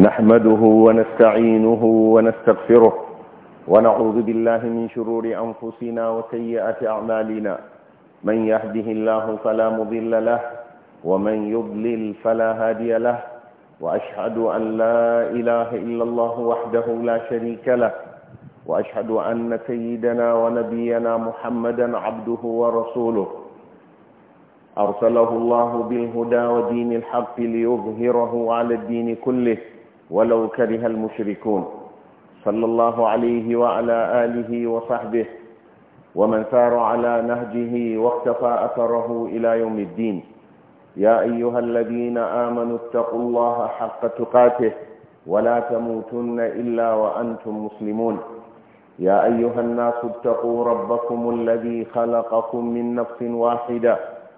نحمده ونستعينه ونستغفره ونعوذ بالله من شرور أنفسنا وسيئات أعمالنا من يهده الله فلا مضل له ومن يضلل فلا هادي له وأشهد أن لا إله إلا الله وحده لا شريك له وأشهد أن سيدنا ونبينا محمدا عبده ورسوله أرسله الله بالهدى ودين الحق ليظهره على الدين كله ولو كره المشركون صلى الله عليه وعلى آله وصحبه ومن سار على نهجه واقتفى أثره إلى يوم الدين يا أيها الذين آمنوا اتقوا الله حق تقاته ولا تموتن إلا وأنتم مسلمون يا أيها الناس اتقوا ربكم الذي خلقكم من نفس واحدة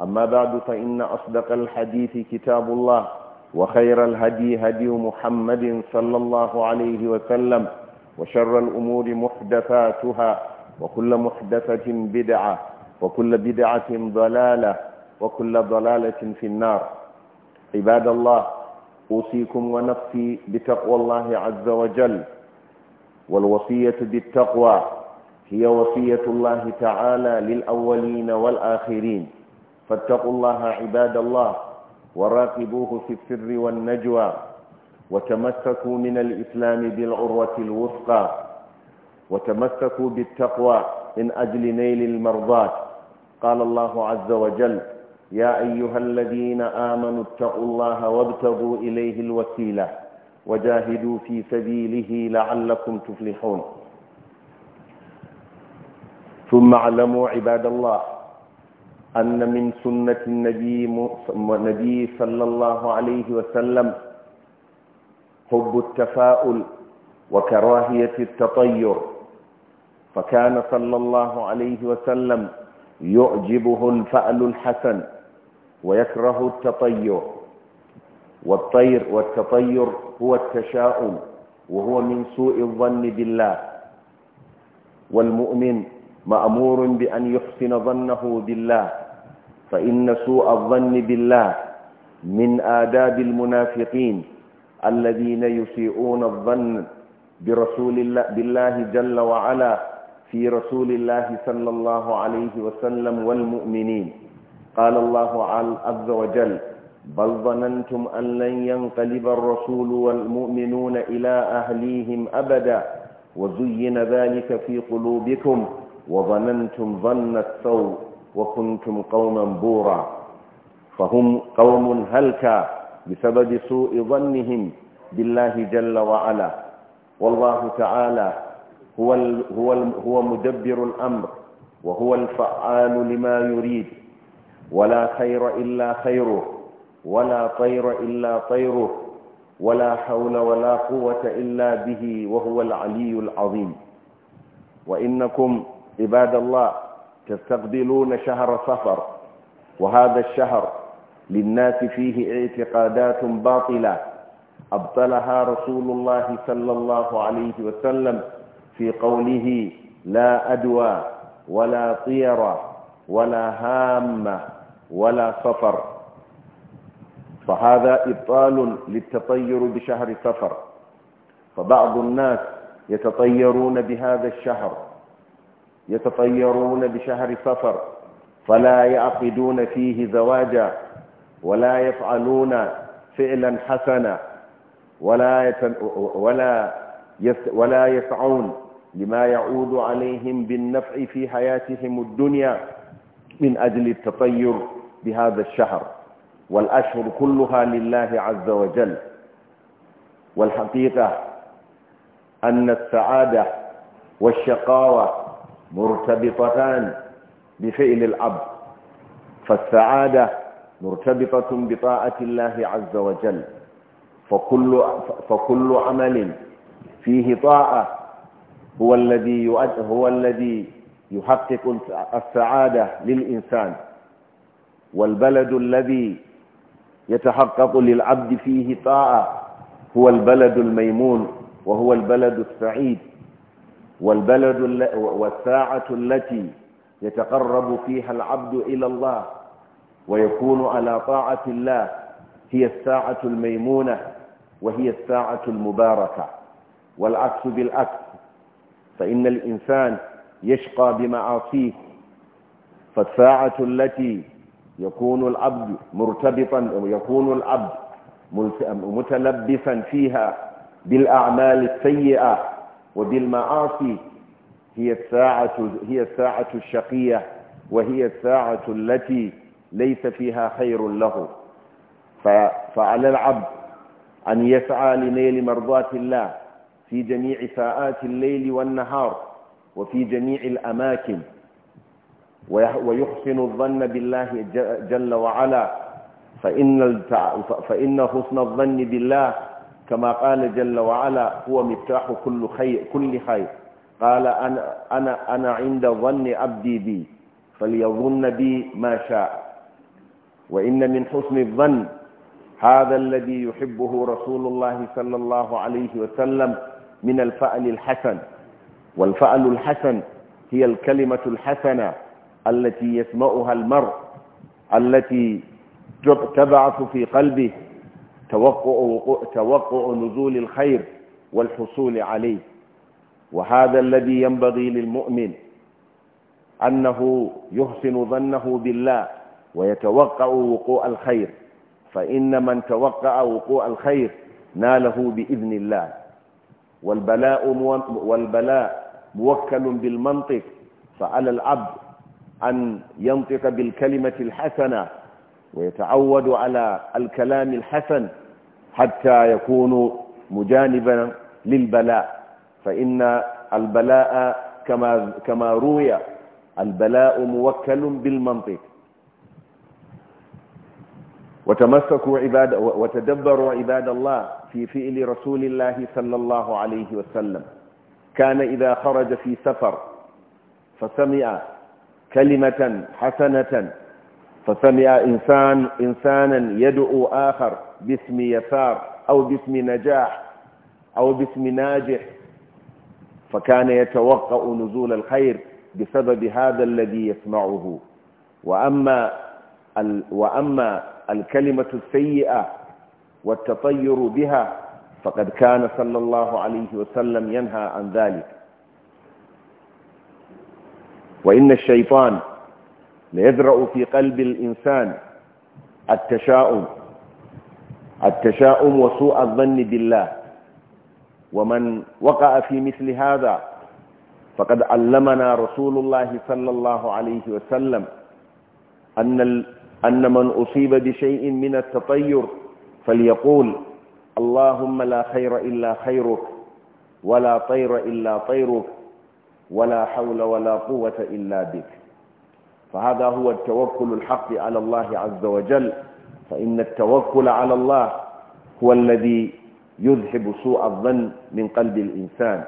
أما بعد فإن أصدق الحديث كتاب الله وخير الهدي هدي محمد صلى الله عليه وسلم وشر الأمور محدثاتها وكل محدثة بدعة وكل بدعة ضلالة وكل ضلالة في النار عباد الله أوصيكم ونفسي بتقوى الله عز وجل والوصية بالتقوى هي وصية الله تعالى للأولين والآخرين فاتقوا الله عباد الله وراقبوه في السر والنجوى وتمسكوا من الإسلام بالعروة الوثقى وتمسكوا بالتقوى من أجل نيل المرضات قال الله عز وجل يا أيها الذين آمنوا اتقوا الله وابتغوا إليه الوسيلة وجاهدوا في سبيله لعلكم تفلحون ثم علموا عباد الله أن من سنة النبي صلى الله عليه وسلم حب التفاؤل وكراهية التطير فكان صلى الله عليه وسلم يعجبه الفأل الحسن ويكره التطير والطير والتطير هو التشاؤم وهو من سوء الظن بالله والمؤمن مأمور بأن يحسن ظنه بالله فإن سوء الظن بالله من آداب المنافقين الذين يسيئون الظن برسول الله بالله جل وعلا في رسول الله صلى الله عليه وسلم والمؤمنين قال الله عز وجل بل ظننتم أن لن ينقلب الرسول والمؤمنون إلى أهليهم أبدا وزين ذلك في قلوبكم وظننتم ظن السوء وكنتم قوما بورا فهم قوم هلكا بسبب سوء ظنهم بالله جل وعلا والله تعالى هو, هو, هو مدبر الأمر وهو الفعال لما يريد ولا خير إلا خيره ولا طير إلا طيره ولا حول ولا قوة إلا به وهو العلي العظيم وإنكم عباد الله تستقبلون شهر صفر وهذا الشهر للناس فيه اعتقادات باطلة أبطلها رسول الله صلى الله عليه وسلم في قوله لا أدوى ولا طير ولا هامة ولا صفر فهذا إبطال للتطير بشهر صفر فبعض الناس يتطيرون بهذا الشهر يتطيرون بشهر صفر فلا يعقدون فيه زواجا ولا يفعلون فعلا حسنا ولا ولا ولا يسعون لما يعود عليهم بالنفع في حياتهم الدنيا من أجل التطير بهذا الشهر والأشهر كلها لله عز وجل والحقيقة أن السعادة والشقاوة مرتبطتان بفعل العبد فالسعادة مرتبطة بطاعة الله عز وجل فكل, فكل عمل فيه طاعة هو الذي هو الذي يحقق السعادة للإنسان والبلد الذي يتحقق للعبد فيه طاعة هو البلد الميمون وهو البلد السعيد والبلد والساعة التي يتقرب فيها العبد إلى الله ويكون على طاعة الله هي الساعة الميمونة وهي الساعة المباركة والعكس بالعكس فإن الإنسان يشقى بمعاصيه فالساعة التي يكون العبد مرتبطا يكون العبد متلبسا فيها بالأعمال السيئة وبالمعاصي هي الساعة, هي الساعة الشقية وهي الساعة التي ليس فيها خير له فعلى العبد أن يسعى لنيل مرضاة الله في جميع ساعات الليل والنهار وفي جميع الأماكن ويحسن الظن بالله جل وعلا فإن, فإن حسن الظن بالله كما قال جل وعلا هو مفتاح كل خير, كل خير قال أنا, أنا, أنا عند ظن عبدي بي فليظن بي ما شاء وإن من حسن الظن هذا الذي يحبه رسول الله صلى الله عليه وسلم من الفعل الحسن والفعل الحسن هي الكلمة الحسنة التي يسمعها المرء التي تبعث في قلبه توقع, توقع نزول الخير والحصول عليه وهذا الذي ينبغي للمؤمن أنه يحسن ظنه بالله ويتوقع وقوع الخير فإن من توقع وقوع الخير ناله بإذن الله والبلاء, والبلاء موكل بالمنطق فعلى العبد أن ينطق بالكلمة الحسنة ويتعود على الكلام الحسن حتى يكونوا مجانبا للبلاء فإن البلاء كما, كما روي البلاء موكل بالمنطق وتمسكوا عباد وتدبروا عباد الله في فعل رسول الله صلى الله عليه وسلم كان إذا خرج في سفر فسمع كلمة حسنة فسمع إنسان إنسانا يدعو آخر باسم يسار أو باسم نجاح أو باسم ناجح فكان يتوقع نزول الخير بسبب هذا الذي يسمعه وأما, ال وأما الكلمة السيئة والتطير بها فقد كان صلى الله عليه وسلم ينهى عن ذلك وإن الشيطان ليذرأ في قلب الإنسان التشاؤم التشاؤم وسوء الظن بالله ومن وقع في مثل هذا فقد علمنا رسول الله صلى الله عليه وسلم أن, أن من أصيب بشيء من التطير فليقول اللهم لا خير إلا خيرك ولا طير إلا طيرك ولا حول ولا قوة إلا بك فهذا هو التوكل الحق على الله عز وجل فإن التوكل على الله هو الذي يذهب سوء الظن من قلب الإنسان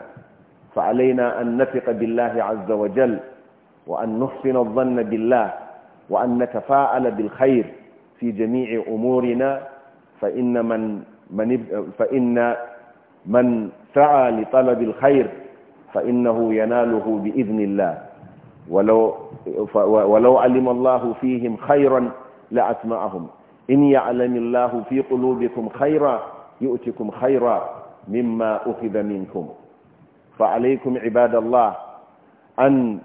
فعلينا أن نثق بالله عز وجل وأن نحسن الظن بالله وأن نتفاءل بالخير في جميع أمورنا فإن من, من, فإن من سعى لطلب الخير فإنه يناله بإذن الله ولو, ولو علم الله فيهم خيرا لأسمعهم إن يعلم الله في قلوبكم خيرا يؤتكم خيرا مما أخذ منكم فعليكم عباد الله أن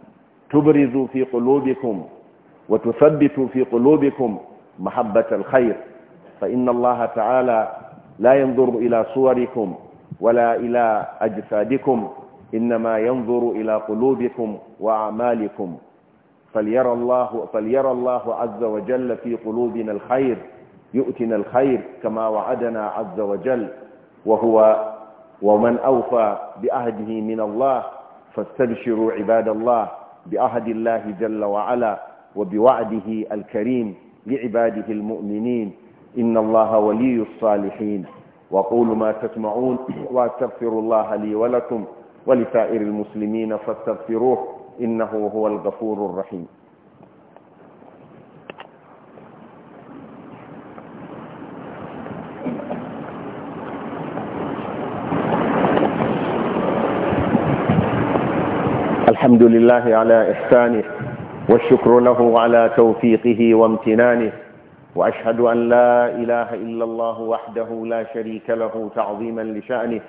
تبرزوا في قلوبكم وتثبتوا في قلوبكم محبة الخير فإن الله تعالى لا ينظر إلى صوركم ولا إلى أجسادكم إنما ينظر إلى قلوبكم وأعمالكم فليرى الله فليرى الله عز وجل في قلوبنا الخير يؤتنا الخير كما وعدنا عز وجل وهو ومن أوفى بعهده من الله فاستبشروا عباد الله بعهد الله جل وعلا وبوعده الكريم لعباده المؤمنين إن الله ولي الصالحين وقولوا ما تسمعون واستغفر الله لي ولكم ولسائر المسلمين فاستغفروه إنه هو الغفور الرحيم الحمد لله على إحسانه والشكر له على توفيقه وامتنانه وأشهد أن لا إله إلا الله وحده لا شريك له تعظيما لشأنه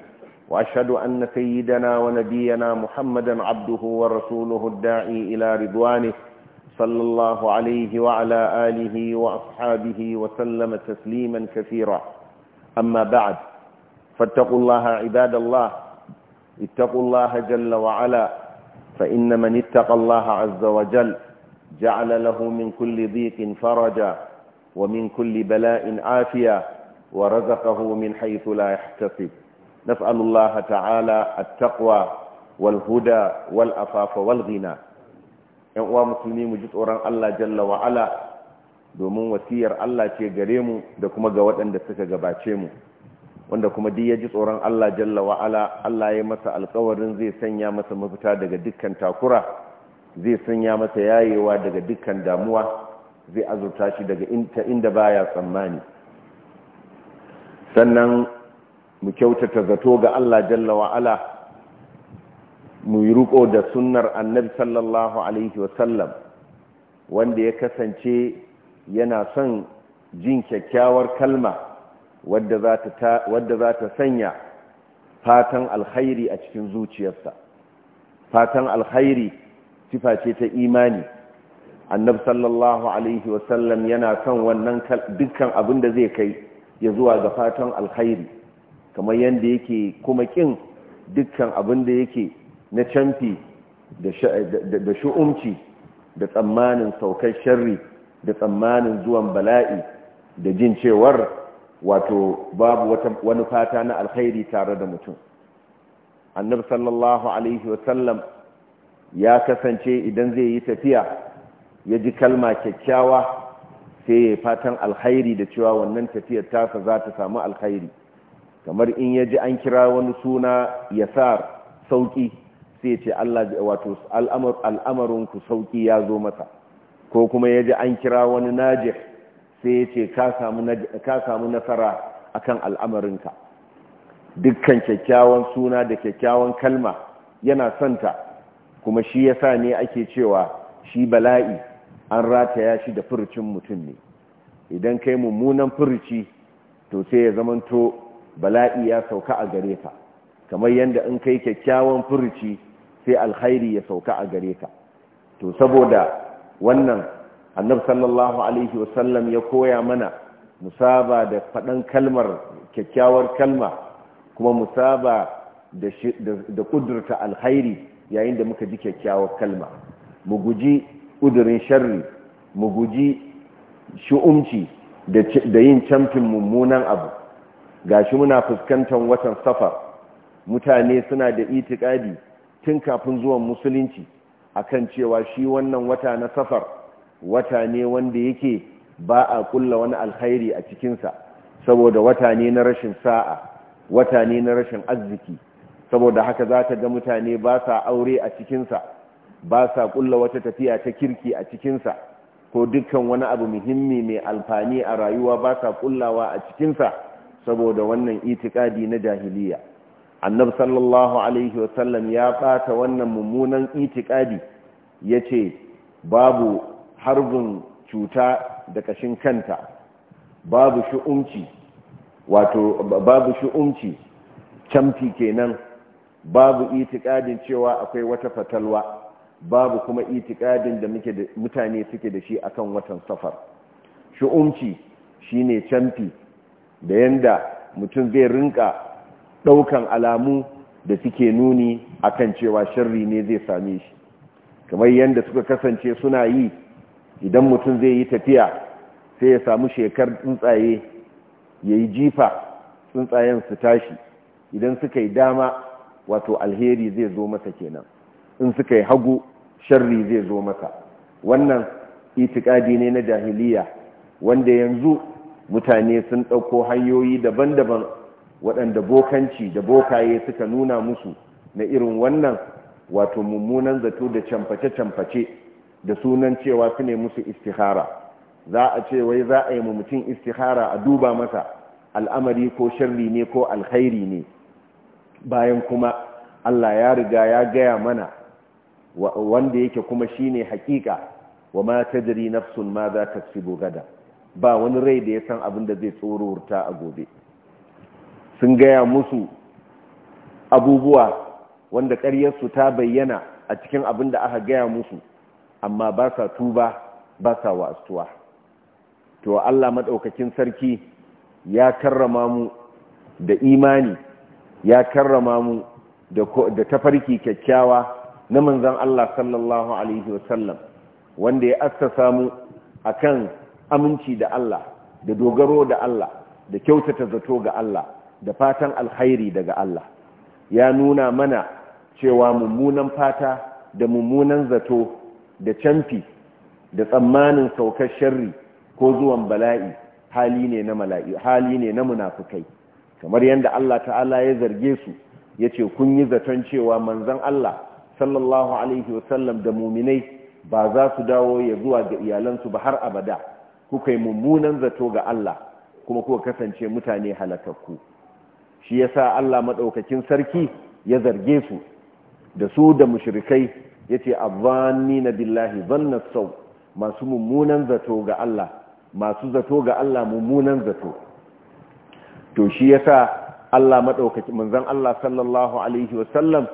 وأشهد أن سيدنا ونبينا محمدا عبده ورسوله الداعي إلى رضوانه صلى الله عليه وعلى آله وأصحابه وسلم تسليما كثيرا أما بعد فاتقوا الله عباد الله اتقوا الله جل وعلا فإن من اتقى الله عز وجل جعل له من كل ضيق فرجا ومن كل بلاء عافية ورزقه من حيث لا يحتسب نسأل الله تعالى التقوى والهدى والأفاف والغنى ‘yan uwa musulmi mu ji tsoron Allah jalla wa'ala domin wasiyar Allah ce gare mu da kuma ga waɗanda suka gabace mu wanda kuma duk ya ji tsoron Allah jalla wa'ala Allah ya masa alƙawarin zai sanya masa mafita daga dukkan takura zai sanya masa yayewa daga dukkan damuwa zai azurta shi daga inda baya tsammani sannan mu kyautata zato ga Allah jalla wa'ala mu yi ruko da sunnar annabi sallallahu alaihi wasallam wanda ya kasance yana son jin kyakkyawar kalma wadda za ta sanya fatan alkhairi a cikin zuciyarsa fatan alkhairi sifa ce ta imani annabi sallallahu alaihi wasallam yana son wannan dukkan abin da zai kai ya zuwa ga fatan alkhairi kamar yadda yake kuma kin dukkan abin da yake na canfi da shu'umci da tsammanin saukar shari da tsammanin zuwan bala'i da jin cewar wato babu wani fata na alkhairi tare da mutum annabi sallallahu alaihi wasallam ya kasance idan zai yi tafiya ya ji kalma kyakkyawa sai ya fatan alkhairi da cewa wannan tafiyar tasa za ta samu alkhairi kamar in ya ji an kira wani suna ya sa sauki sai ce Allah wato al'amarin ku sauki ya zo masa ko kuma yaji ji an kira wani najih sai ya ce ka samu nasara akan al'amarinka dukkan kyakkyawan suna da kyakkyawan kalma yana santa kuma shi yasa ne ake cewa shi bala'i an rataya shi da furucin mutum ne idan kai mummunan furuci to sai ya zamanto bala'i ya sauka a gare ka kamar yadda in kai kyakkyawan furuci sai alkhairi ya sauka a gare ka to saboda wannan annabi sallallahu alaihi wasallam ya koya mana musaba da faɗan kalmar kyakkyawar kalma kuma musaba da ƙudurta alkhairi yayin da muka ji kyakkyawar kalma mu guji ƙudurin sharri mu guji shu'umci da yin camfin mummunan abu gashi muna fuskantar watan safar mutane suna da itikadi tun kafin zuwan musulunci a kan cewa shi wannan wata na safar wata ne wanda yake ba a kulla wani alkhairi a cikinsa saboda wata ne na rashin sa'a wata ne na rashin arziki saboda haka za ta ga mutane ba sa aure a cikinsa ba sa kulla wata tafiya ta kirki a cikinsa ko dukkan wani abu muhimmi mai alfani a rayuwa ba sa kullawa a cikinsa saboda wannan itikadi na jahiliya annab sallallahu alaihi wasallam ya bata wannan mummunan itikadi ce babu harbin cuta da kashin kanta babu shu'umci wato babu shu'umci camfi kenan babu itikadin cewa akwai wata fatalwa babu kuma itikadin da mutane suke da shi akan watan safar shu'umci shine camfi da yanda mutum zai rinka ɗaukan alamu da suke nuni a kan cewa sharri ne zai same shi kamar yanda suka kasance suna yi idan mutum zai yi tafiya sai ya samu shekar tsuntsaye ya yi jifa tsuntsayen su tashi idan suka yi dama wato alheri zai zo masa kenan in suka yi hagu sharri zai zo masa wannan itikadi ne na jahiliya wanda yanzu mutane sun ɗauko hanyoyi daban-daban waɗanda bokanci da bokaye suka nuna musu na irin wannan wato mummunan zato da camface-camface da sunan cewa su ne musu istihara za a ce wai za a yi ma mutum istihara a duba masa al'amari ko sharri ne ko alkhairi ne bayan kuma Allah ya riga ya gaya mana wanda yake kuma shine hakika wa ma ta jari nafsun ma za ta gada ba wani rai da ya san abin da zai tsororta a gobe sun gaya musu abubuwa wanda ƙaryarsu ta bayyana a cikin abin da aka gaya musu amma ba sa tuba ba sa wasuwa. to Allah maɗaukakin sarki ya karrama mu da imani ya karrama mu da tafarki kyakkyawa na manzan Allah sallallahu Alaihi wasallam wanda ya assasa mu kan. aminci da Allah da dogaro da Allah da kyautata zato ga Allah da fatan alkhairi daga Allah ya nuna mana cewa mummunan fata da mummunan zato da canfi da tsammanin saukar sharri ko zuwan bala'i hali ne na mala'i hali ne na munafukai kamar yadda Allah ta'ala ya zarge su ya ce kun yi zaton cewa manzan Allah sallallahu alaihi wasallam da muminai ba za su dawo ya zuwa ga iyalansu ba har abada kuka yi mummunan zato ga Allah kuma kuka kasance mutane halakakku shi yasa Allah maɗaukakin sarki ya zarge su da su da mushrikai yace na billahi dhanna sau masu mummunan zato ga Allah masu zato ga Allah mummunan zato to shi yasa Allah maɗaukakin manzan Allah sallallahu alaihi wasallam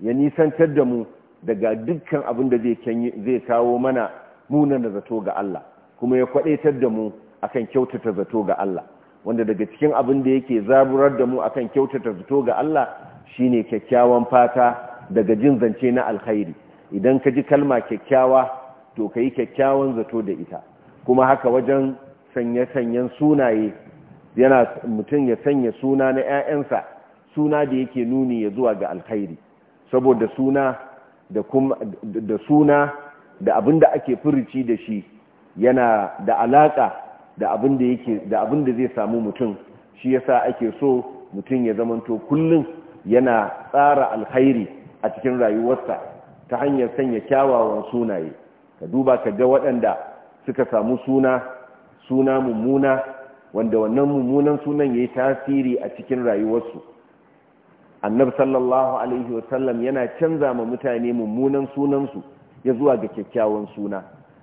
ya nisantar da mu daga dukkan abin da zai kawo mana munan zato ga Allah kuma ya kwadaitar da mu akan kyautata zato ga Allah wanda daga cikin abin da yake zaburar da mu akan kyautata zato ga Allah shine kyakkyawan fata daga jin zance na alkhairi idan ka ji kalma kyakkyawa to ka kyakkyawan zato da ita kuma haka wajen sanya-sanyan sunaye yana mutum ya sanya suna na 'ya'yansa suna da yake nuni ya zuwa ga alkhairi saboda suna da kuma da suna da abin ake furuci da shi yana da alaƙa da abin da yake da abin da zai samu mutum shi yasa ake so mutum ya zamanto kullum yana tsara alkhairi a cikin rayuwarsa ta hanyar sanya kyawawan sunaye ka duba ka ga waɗanda suka samu suna suna mummuna wanda wannan mummunan sunan yayi tasiri a cikin rayuwarsu Annabi sallallahu alaihi wasallam yana canza ma mutane mummunan sunansu ya zuwa ga kyakkyawan suna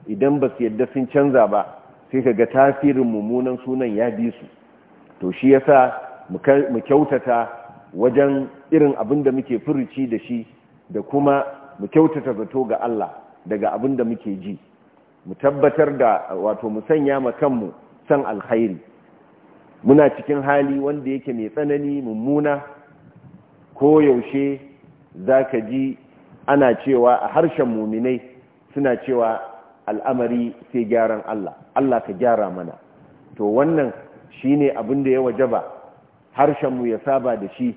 idan ba su yadda sun canza ba sai ka ga tasirin mummunan sunan ya bi su to shi yasa mu kyautata wajen irin abin da muke furuci da shi da kuma mu kyautata zato ga Allah daga abin da muke ji mu tabbatar da wato mu sanya ma kanmu san alkhairi muna cikin hali wanda yake mai tsanani mummuna ko yaushe zaka ji ana cewa a harshen muminai suna cewa al'amari sai gyaran Allah Allah ka gyara mana to wannan shine abin da ya wajaba harshen mu ya saba da shi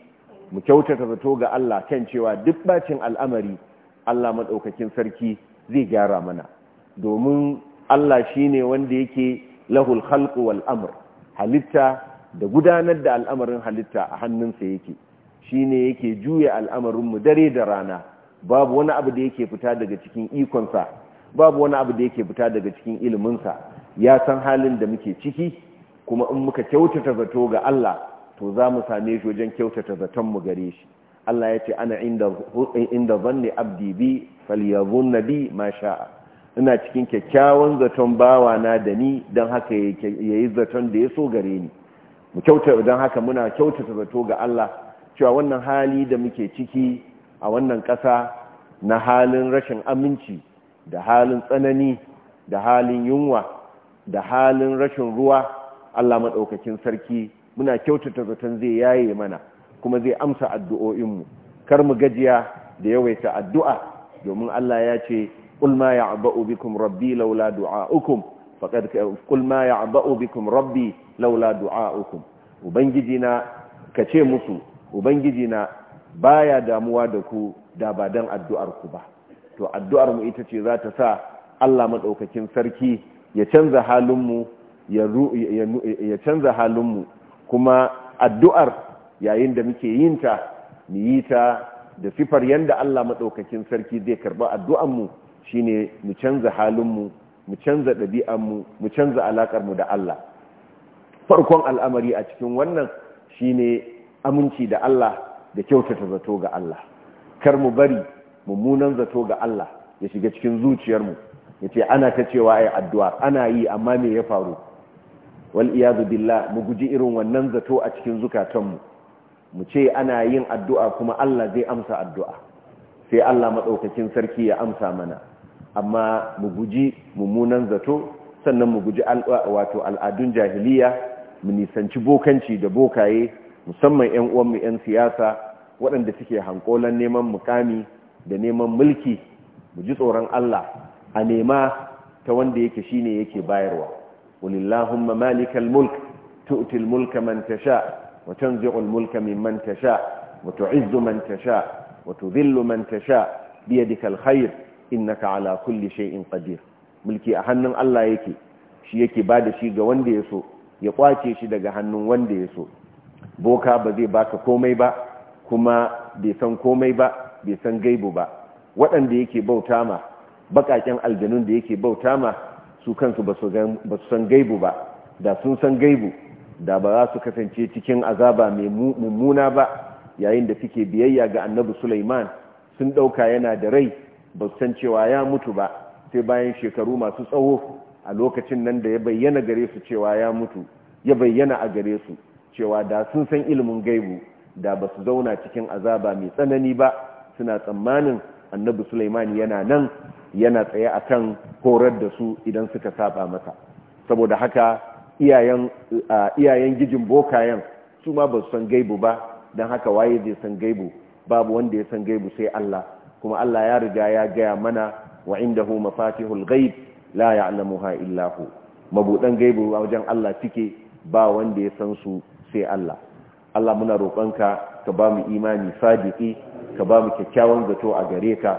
mu kyautata zato ga Allah kan cewa duk bacin al'amari Allah madaukakin sarki zai gyara mana domin Allah shine wanda yake lahul khalqu wal amr halitta da gudanar da al'amarin halitta a hannunsa yake shine yake juya al'amarinmu dare da rana babu wani abu da yake fita daga cikin ikonsa babu wani abu da yake fita daga cikin iliminsa ya san halin da muke ciki kuma in muka kyautata zato ga Allah to za mu same shi wajen kyautata zaton mu gare shi Allah ya ce ana inda zanni abdi bi falyazun nabi ma sha'a ina cikin kyakkyawan zaton bawa na da ni don haka yayi zaton da ya so gare ni mu kyauta don haka muna kyautata zato ga Allah cewa wannan hali da muke ciki a wannan ƙasa na halin rashin aminci da halin tsanani da halin yunwa da halin rashin ruwa Allah maɗaukakin sarki muna kyautata zaton zai yaye mana kuma zai amsa addu'o'inmu kar mu gajiya da yawaita addu'a domin Allah ya ce ya ma ya'ba'u bikum rabbi laula du'a'ukum faqad ya ma ya'ba'u bikum rabbi laula du'a'ukum ubangijina ce musu Ubangiji ubangijina baya damuwa da ku da ba dan addu'ar ba to addu'ar mu ita ce za ta sa Allah maɗaukakin sarki ya canza halinmu ya canza halin mu kuma addu'ar yayin da muke yin ta mu yi ta da sifar yadda Allah maɗaukakin sarki zai karba addu'ar mu shine mu canza halinmu mu mu canza ɗabi'anmu mu canza alakar mu da Allah farkon al'amari a cikin wannan shine aminci da Allah da kyautata zato ga Allah kar mu bari mummunan zato ga Allah ya shiga cikin zuciyarmu ya ce ana ta cewa ai addu'a ana yi amma me ya faru wal iyadu billah mu guji irin wannan zato a cikin zukatanmu mu ce ana yin addu'a kuma Allah zai amsa addu'a sai Allah maɗaukakin sarki ya amsa mana amma mu guji mummunan zato sannan mu guji wato al'adun jahiliya mu nisanci bokanci da bokaye musamman 'yan uwanmu 'yan siyasa waɗanda suke hankolan neman mukami da neman mulki mu ji tsoron Allah a nema ta wanda yake shine yake bayarwa walillahumma malikal mulk tu'ti al mulka man tasha wa tanzi'u al mulka mimman tasha wa tu'izzu man tasha wa tudhillu man tasha bi yadika al khair innaka ala kulli shay'in qadir mulki a hannun Allah yake shi yake bada shi ga wanda ya so ya kwace shi daga hannun wanda ya so boka ba zai baka komai ba kuma bai san komai ba bai san gaibu ba waɗanda yake bauta ma baƙaƙen aljanun da yake bauta ma su kansu ba su san gaibu ba da sun san gaibu da ba za su kasance cikin azaba mai mummuna ba yayin da suke biyayya ga annabi suleiman sun ɗauka yana da rai ba su san cewa ya mutu ba sai bayan shekaru masu tsawo a lokacin nan da ya bayyana gare su cewa ya mutu ya bayyana a gare su cewa da sun san ilimin gaibu da ba su zauna cikin azaba mai tsanani ba suna tsammanin annabi Sulaiman yana nan yana tsaye a kan horar da su idan suka saba masa saboda haka iyayen gijin bokayen su ma ba su san gaibu ba don haka waye zai san gaibu babu wanda ya san gaibu sai Allah kuma Allah ya riga ya gaya mana wa hu mafatihul ghaib la ya'lamuha illa hu mabudan gaibu wajen Allah cike ba wanda ya san su sai Allah Allah muna roƙonka ka ba mu imani sadiki ka ba mu kyakkyawan zato a gare ka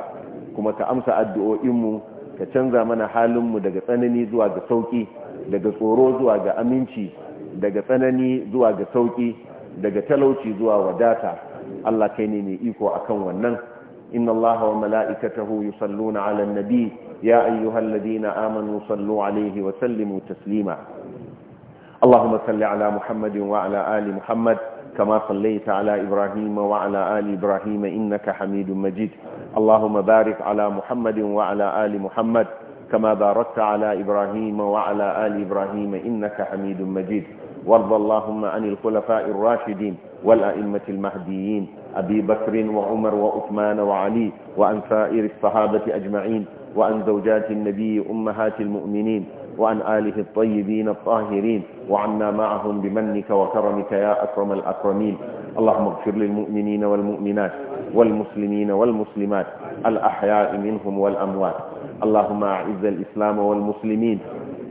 kuma ka amsa addu'o'inmu ka canza mana halinmu daga tsanani zuwa ga sauƙi daga tsoro zuwa ga aminci daga tsanani zuwa ga sauƙi daga talauci zuwa wadata Allah kai ne mai iko akan wannan inna Allah wa mala'ikatahu yusalluna na nabi ya ayyuhalladhina amanu sallu 'alayhi wa sallimu taslima Allahumma salli 'ala Muhammadin wa 'ala ali Muhammad كما صليت على إبراهيم وعلى آل إبراهيم إنك حميد مجيد اللهم بارك على محمد وعلى آل محمد كما باركت على إبراهيم وعلى آل إبراهيم إنك حميد مجيد وارض اللهم عن الخلفاء الراشدين والأئمة المهديين أبي بكر وعمر وعثمان وعلي وعن سائر الصحابة أجمعين وعن زوجات النبي أمهات المؤمنين وعن آله الطيبين الطاهرين وعنا معهم بمنك وكرمك يا أكرم الأكرمين اللهم اغفر للمؤمنين والمؤمنات والمسلمين والمسلمات الأحياء منهم والأموات اللهم أعز الإسلام والمسلمين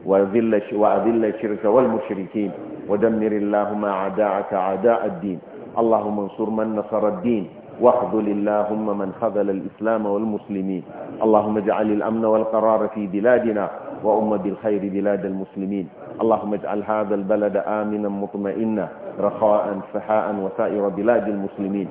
وأذل وأذل الشرك والمشركين ودمر اللهم أعداءك أعداء الدين اللهم انصر من نصر الدين واخذل اللهم من خذل الإسلام والمسلمين اللهم اجعل الأمن والقرار في بلادنا وأمة بالخير بلاد المسلمين اللهم اجعل هذا البلد آمنا مطمئنا رخاء سحاء وسائر بلاد المسلمين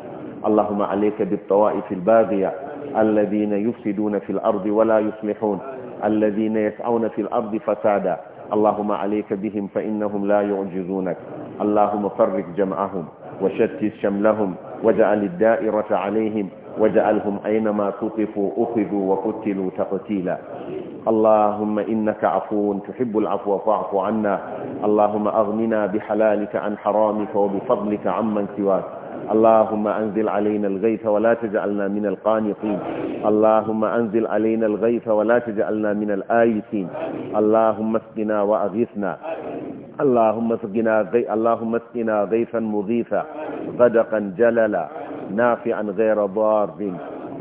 اللهم عليك بالطوائف الباغية الذين يفسدون في الأرض ولا يصلحون الذين يسعون في الأرض فسادا اللهم عليك بهم فإنهم لا يعجزونك اللهم فرق جمعهم وشتت شملهم واجعل الدائرة عليهم واجعلهم أينما تقفوا أخذوا وقتلوا تقتيلا اللهم إنك عفو تحب العفو فاعف عنا اللهم أغننا بحلالك عن حرامك وبفضلك عمن سواك اللهم أنزل علينا الغيث ولا تجعلنا من القانطين اللهم أنزل علينا الغيث ولا تجعلنا من الآيسين اللهم اسقنا وأغثنا اللهم اسقنا غي... اللهم اسقنا غيثا مضيفا غدقا جللا نافعا غير ضار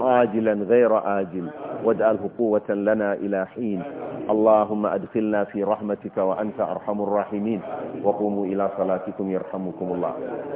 عاجلا غير آجل واجعله قوة لنا إلى حين اللهم أدخلنا في رحمتك وأنت أرحم الراحمين وقوموا إلى صلاتكم يرحمكم الله